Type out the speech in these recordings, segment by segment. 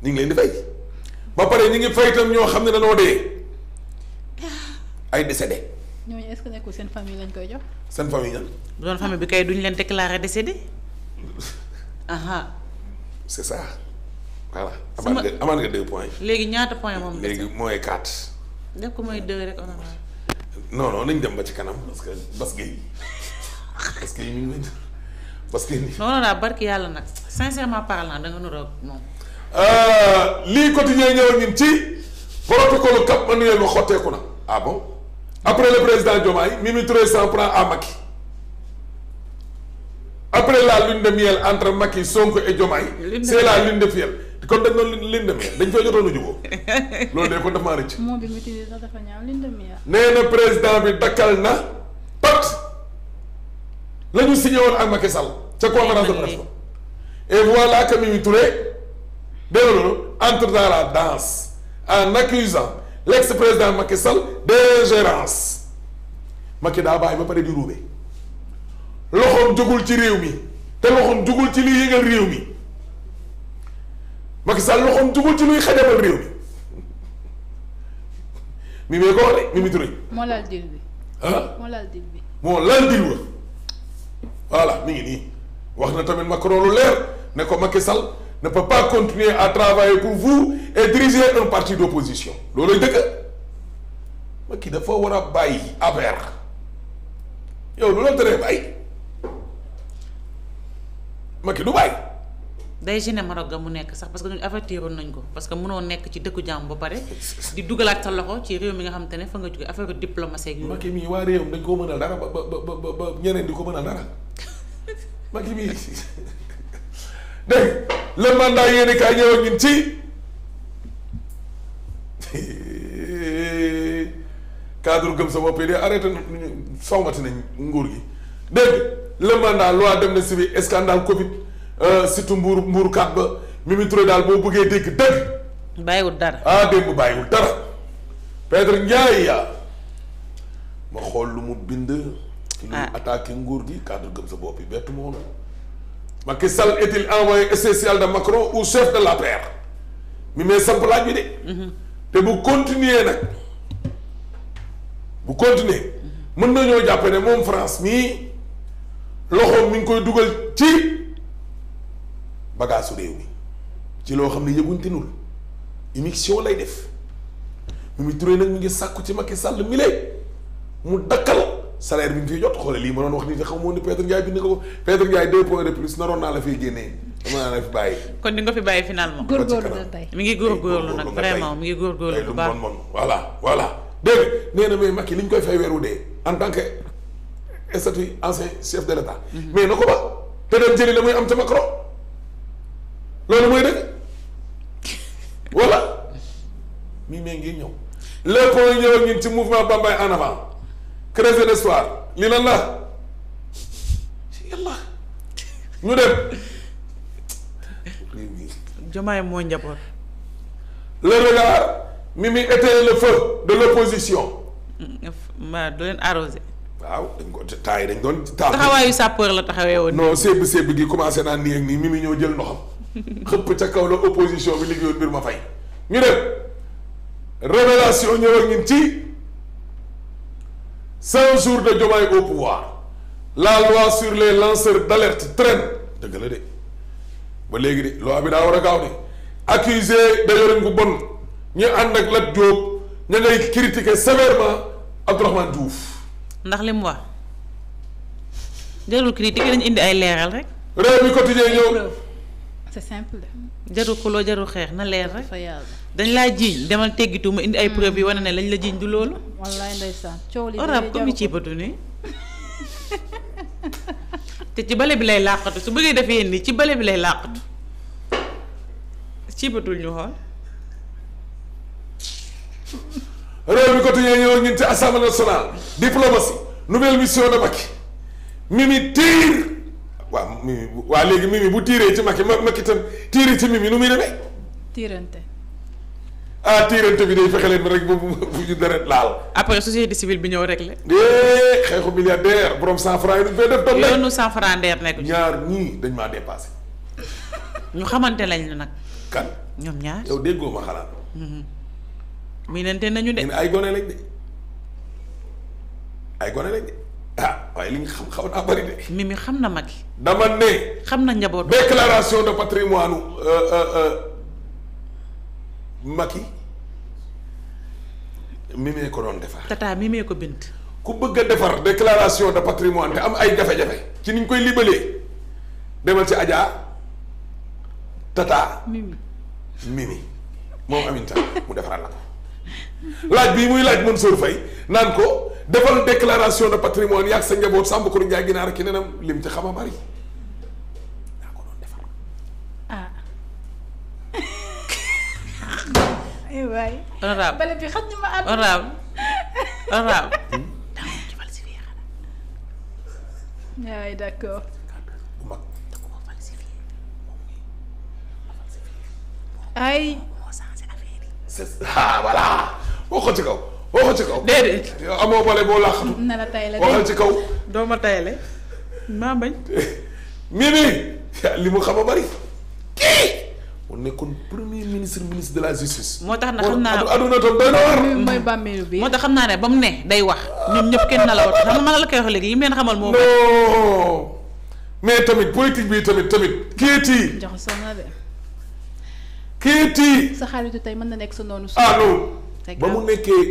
ñu ngi leen di fay ba pare ñu ngi fay itam ñoo xam ne dañoo dee ay décédé. ñooñu est-ce que nekkul seen famille lañ koy jox. seen famille ñan. bu doon famille bi kay duñ leen déclarer décédé. aha c'est ça. voilà amaat nga amaat nga léegi ñaata point moom. léegi mooy quatre. def ko mooy deux rek honorable. non non nañ dem ba ci kanam parce que bas gay parce que yàlla nag sincèrement parlant da nga niróo moom. Euh, lii quotidien ñëw ñun ci protocole Cap Manuel ba xotteeku na ah après le président Diomaye Mimi Touré s'en prend à Macky après la lune de miel entre Macky Sonko et Diomaye c'est la lune de miel kon dañ doon lune de miel dañ fay jotoon a jubóo loolu de kon daf maa rëcc moo ah, président bi dakkal na pacte la ñu signé woon ak Macky Sall ca conférence de presse ba et voilà que Mimi Touré Bello entre dans la danse en accusant l'ex-président Macky Sall d'ingérence Macky daa bàyyi ba pare di ruube loxoom jugul ci réew mi te loxoom jugul ci luy yëgal réew mi Macky Sall loxoom jugul ci luy xajamal réew mi mi may ko wax de mi mi moo laal dil bi. moo laal dil bi. moo laal dil wa voilà mi ngi nii wax na tamit Macron lu leer ne ko Macky Sall. ne peut pas continuer à travailler pour vous et diriger un parti d'opposition loolooy dëgg ma kii dafa war a bàyyi affaire yow loolu teree bàyyi ma kii du bàyyi. day gêné Maroc ga mu nekk sax parce que ñun avertiroon nañ ko parce que mënoo nekk ci dëkku jàmm ba pare di dugalaat sa loxo ci réew mi nga xam te ne fa nga jóge affaire diplomatie ak yooyu. ma kii mii waa réewam dañ koo mënal dara ba ba ba ba ñeneen di ko mën a dara ma kii mii. dégg le mandat yéen kaay ñëw ci cadre gëm sa bopp yi de arrêté nañu sawmati nañ nguur gi dégg le mandat loi d'amnistie bi scandale Covid euh, surtout mbuur mbuur kat ba daal boo bëggee dégg dëgg. bàyyiwul dara ah démb bàyyiwul dara. Pedre Ndiaye yaa ma xool lu mu bind. ah lu attaqué nguur gi cadre gëm sa bopp yi bett moo woon. Macky Sall est-il envoyé spécial de Macron ou chef de l'APR mi mais samp laaj bi de te bu continuer nag bu continuer mën nañoo jàpp ne moom France mii loxoom mi ngi koy dugal ci bagaasu réew mi ci loo xam ne yëguñ tinul immixtion lay def Mimi Touré nag mu ngi sàkku ci Macky Sall mi mu dakkal salaire bi ñu fiy jot xoolal lii ma doon wax nii te xaw ma woon ni Peter Ndiaye bind nga ko Peter Ndiaye deux points de plus naroon naa la fiy génnee dama naa la fi bàyyi. kon di nga fi bàyyi finalement. góorgóorlu nga tey mi ngi góorgóorlu nag vraiment mi ngi góorgóorlu bu baax voilà voilà dégg nee na mais Macky li ñu koy fay weeru dee en tant que statut ancien chef de l'État. Mhm. mais na ko ba te dem jëli la muy am ca Macron loolu mooy dëgg voilà mi ngi ngi ñëw lépp mooy ñëw ak ñun ci mouvement Bambey creuser l'espoir lii lan la yàlla ñu dem. Diomaye moo njaboot. le regard Mimi étayait le feu de l'opposition. ma du leen arrosé. waaw dañ ko taay dañ doon taal. taxawaayu sapeur la taxawee woon. non sébb sébb gi commencé naa nii ak nii Mimi ñoo jël ndoxam. xëpp ca kaw la opposition bi liggéeyoon mbir ma fay. ñu dem révélation ñëw ak ñun ci. cent jours de Diomaye au pouvoir la loi sur les lanceurs d'alerte traîne dëgg la de ba léegi de loi bi daa war a gaaw de accusé da yorin gu bon ñu ànd ak Lat Diop ña ngay critiquer sévèrement Abdourahmane Diouf ndax li mu wax jarul critiquer dañu indi ay leeral rek réew mi quotidien ñëw c'est simple jarul xuloo jarul xeex na leer rek dañ laa jiiñ demal teggitu ma indi ay hmm. preuve yi wane ne lañ la jiiñ du loolu. wallaay ndeysaan coow li orab comme ni nii te ci bale bi lay làqatu su bëggee defee nii ci bale bi lay làqatu ciibatul ñu xool. réew mi quotidien ñëw ñun ci assemblée nationale diplomatie nouvelle mission de Macky Mimi tiir waaw Mimi waa léegi Mimi bu tiiree ci Macky Macky itam tiiree ci Mimi nu muy demee. ah tiirante bi day fexe leen rek bu bu ñu deret laal. après société civile bi ñëw rek la. eh xeexu milliardaire borom cent franc yi dañu fay def. yoonu cent franc ndeer nekk ñaar ñii dañ maa dépassé. ñu xamante lañ la nag. kan ñoom ñaar yow déggoo ma xalaat. Mm-hmm. miinante nañu de. ay gone lañ de ay gone lañ de ah waaye li ñu xam xaw naa bari de. mimi xam na mag. dama ne. xam na njaboot déclaration Macky mimee ko doon defar. tata mimee ko bind. ku bëgg a defar déclaration de patrimoine te am ay jafe-jafe ci niñ koy libalee demal ci Adja tata. mimi mimi moom Aminta mu defaral la ko laaj bii muy laaj Mansour Faye naan ko defal déclaration de patrimoine yaag sa njaboot sàmm ko du njaay ginaar ki nenam lim ci xam a bari. eh waay. honorable bale bi ay. ah voilà waxoon ci kaw waxoon ci kaw. déedéet amoo bale boo laaxatu. na la tay la waxoon ci kaw. doo ma tayale bañ. mimi li mu xam a bari kii. mu nekkoon premier ministre ministre de la justice. moo tax na xam naa aduna tam doy na war. mooy bàmmeelu bi moo tax xam naa ne ba mu ne day wax. ñoom ñëpp kenn na la wax xam nga la koy wax léegi li mu mais tamit politique bi tamit tamit kéeti. jox na sa xaritu tey mën na nekk sa noonu. ah non ba mu nekkee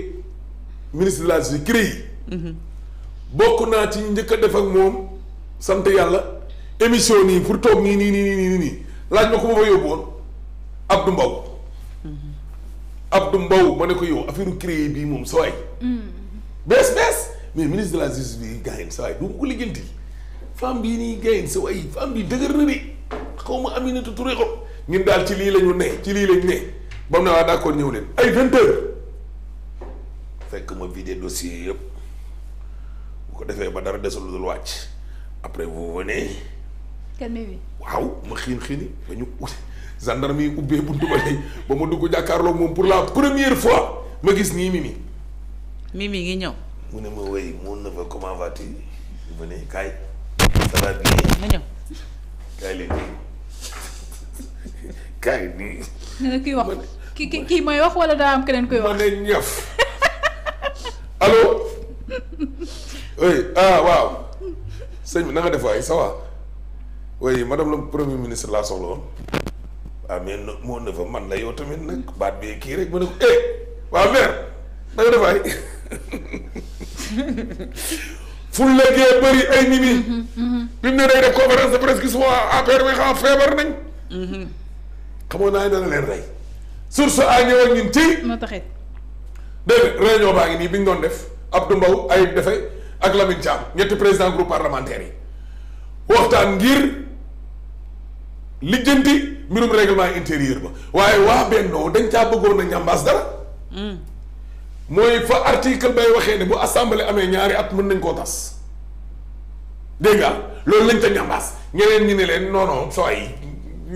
ministre de la justice CREI. Mhm. bokk naa ci njëkk def ak moom sant yàlla émission nii pour toog nii nii nii laaj ma ko ma fa yóbbu Abdou Mbow. Abdou Mbow ma ne ko yow affaire créé bii moom sawaay bees bees mais ministre la justice bi gaayen sawaay du ko liggéenti femme bii nii gaayen sawaay femme bi dëgër na de xaw ma am Aminata Touré ko ñun daal ci lii la ñu ne ci lii lañ ne ba mu ne waa d'accord ñëw leen ay vingt fekk ma vidé dossier yëpp bu ko defee ba dara desul lu dul wàcc après vous venez. kenn waaw ma xiin xiini ba ñu ut gendarme yi ubbee buntu ba léegi ba ma dugg jàkkaarloo moom pour la première fois ma gis nii mimi. mimi ngi ñëw. mu ne ma wey mon neveu comment vas-tu mu ne kaay ça va bien. ma ñëw. nii kaay nii. kii wax wax wala daa am keneen koy wax. ma ne ñaf allo. oui ah waaw sëñ bi na def waay ça va oui madame premier ministre laa soxla ah mais moo ne fa man la yow tamit nag baat bi kii rek ma ne ko eh waa mère da nga defaay ful la bëri ay nit ñi. Mm-hmm. bi mu ne day def conférence de presse gi souvent affaire bi xam feebar nañ. Mm-hmm. xamoon naa ne dana leen rey. source a ñëw ak nga nii bi ñu doon def Abdou Mbow Ayib Daffé ak Lamine Thiam ñetti président groupe parlementaire yi waxtaan ngir lijjanti. mbirum règlement intérieur ba waaye waa Bennoo dañ caa bëggoon a ñambaas dara. Hmm. mooy fa article bay waxee ne bu assemblée amee ñaari at mën nañ koo tas. dégg nga loolu lañ ca ñambaas ñeneen ñi ne leen non non soo ay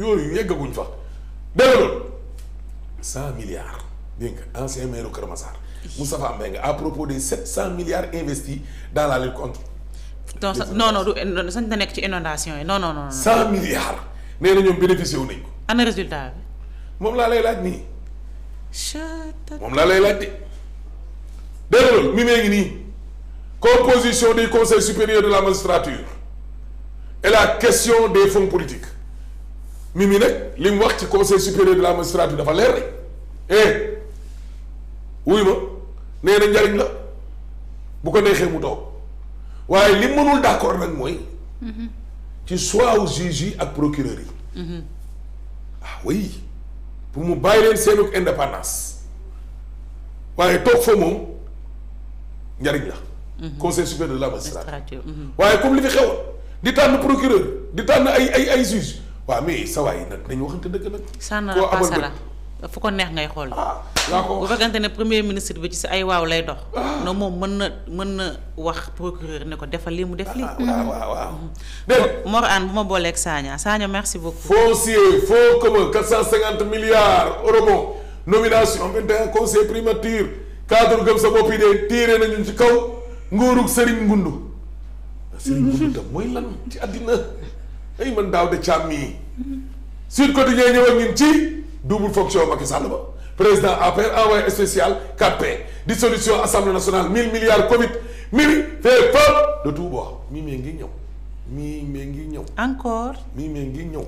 yooyu yeggaguñ fa dégg loolu cent milliards dégg nga ancien maire Kër Massar Moustapha Mbengue à propos des sept cent milliards investis dans la lutte contre. non non du sañ na nekk ci inondation yi non non nee na ñoom bénéficié wu nañ ko. ana résultat moom laa lay laaj nii. moom laa lay laaj de. dégg nga loolu mi ngi nii composition du conseil supérieur de la magistrature et la question des fonds politiques mi mi nag li mu wax ci conseil supérieur de la magistrature dafa leer rek eh wuy ma nee na njariñ la bu ko neexee mu toog waaye li mënul d'accord nag mooy. Mhm. ci choix wu juge yi ak procureur yi. Mm-hmm. ah pour mu bàyyi leen seenu indépendance waaye toog fa moom njariñ la. Mm-hmm. conseil supérieur de la magistrature. Mm-hmm. waaye comme li fi xewoon di tànn procureur di tànn ay ay ay juge waaw mais sa waay nag nañu waxante dëgg nag. koo amal fu ko neex ngay xool. Ah, bu fekkante ne premier ministre bi ci sa ay waaw lay dox. Ah. non moom mën na mën na wax procureur ne ko defal lii mu def lii. Ah, waaw waaw waaw. Mm-hmm. bu ma booleeg Sagna Sagna merci beaucoup. foncier fonds commun 450 milliards euro nomination 21 conseil primature cadre gëm sa bopp de tiire nañu ci kaw nguurug Serigne Ngundu. mooy lan ci àddina ay man daaw de càmm yi. Mm-hmm. Sud Quotidien ñëw ak ñun ci. double fonction Macky Sall ba président APR envoyé spécial 4P dissolution assemblée nationale 1000 milliards Covid Mimi fait peur de tout boo xam Mimi ngi ñëw Mimi ngi ñëw. encore Mimi ngi ñëw.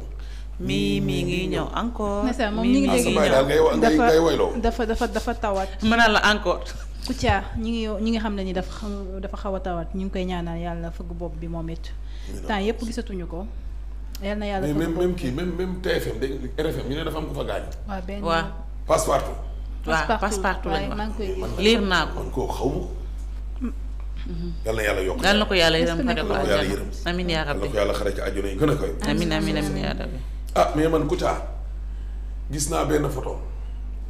mii mii ngi ñëw encore. mi mi ngi ñëw dafa dafa dafa dafa tawaat. mën naa la encore. Kouthia ñi ngi ñi nga xam ne ni dafa dafa xaw a tawaat ñu ngi koy ñaanal yàlla fëgg bopp bi moom it temps yëpp gisatuñu ko. yal na yàlla mais même même kii même même TFM dégg RFM ñu ne dafa am ku fa gaañu. waaw benn waaw. Passepartout. waaw wax liir naa ko man koo xaw ma. Mm-hmm. yal na yàlla yokk yal na ko yàlla yërëm xare ko àjjana amiin yaa rabbi yal na ko yàlla xare ci àjjana yi gën a ah mais man Kouthia gis naa benn photo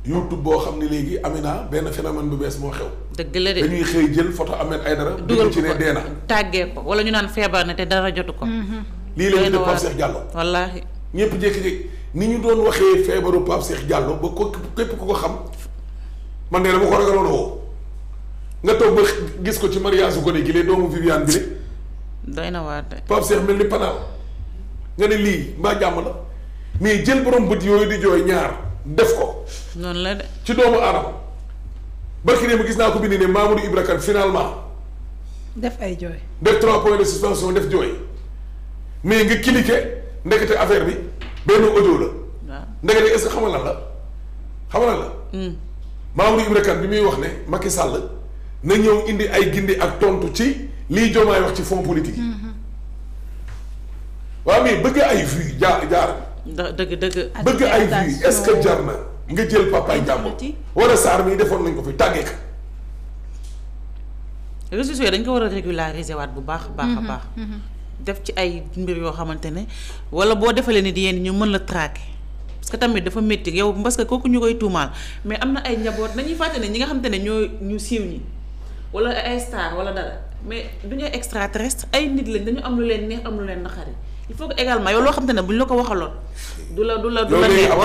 YouTube boo xam ne léegi Amina benn phénomène bu bees moo xew. dëgg dañuy xëy jël photo Ahmed Aïdara. dugal ko ci ne dee na tàggee ko wala ñu naan feebar na te dara jotu ko. Mm-hmm. lii la ñu def Pape Cheikh Diallo wallaahi ñëpp jékki ni ñu doon waxee feebaru Pape Cheikh Diallo ba ko képp ku ko xam man de dama ko ragaloon woo nga toog ba gis ko ci mariage gone gi lee doomu Viviane bi rek. doy na waar de. Pape Cheikh mel ni la mais jël borom bët yooyu di jooy ñaar def ko. noonu la de. ci doomu aadama barki démb gis naa ko bind ne Mamadou Ibra Kane finalement. def ay jooy. def trois points de suspension def jooy. mais nga cliquer ndekete affaire bi benn audio la. waaw ndekete est-ce la xamal lan la. Hmm. Mamadou Ibra bi muy wax ne Macky sàll na ñëw indi ay gindi ak tontu ci lii Diomaye wax ci fond politique yi. Hmm. waaw mais bëgg ay vues jaar jaar. dëgg dëgg. bëgg ay vues est-ce que jar na nga jël papaay jàmbur. a saar mii defoon nañ ko fi tàggee ka. réseaux sociaux dañ ko war a régulariser waat bu baax a baax baax. Hmm, def ci ay mbir yoo xamante ne wala boo defalee ni di yéen ñu mën la traquer parce tamit dafa métti yow parce que kooku ñu koy tuumaal mais am na ay njaboot nañuy fàtte ne ñi nga xamante ne ñoo ñu siiw ñi wala ay star wala dara mais du ñu extraterrestre ay nit lañ dañu am lu leen neex am lu leen naqari il faut que également yow loo xam ne bu ñu la ko waxaloon. du la du la du la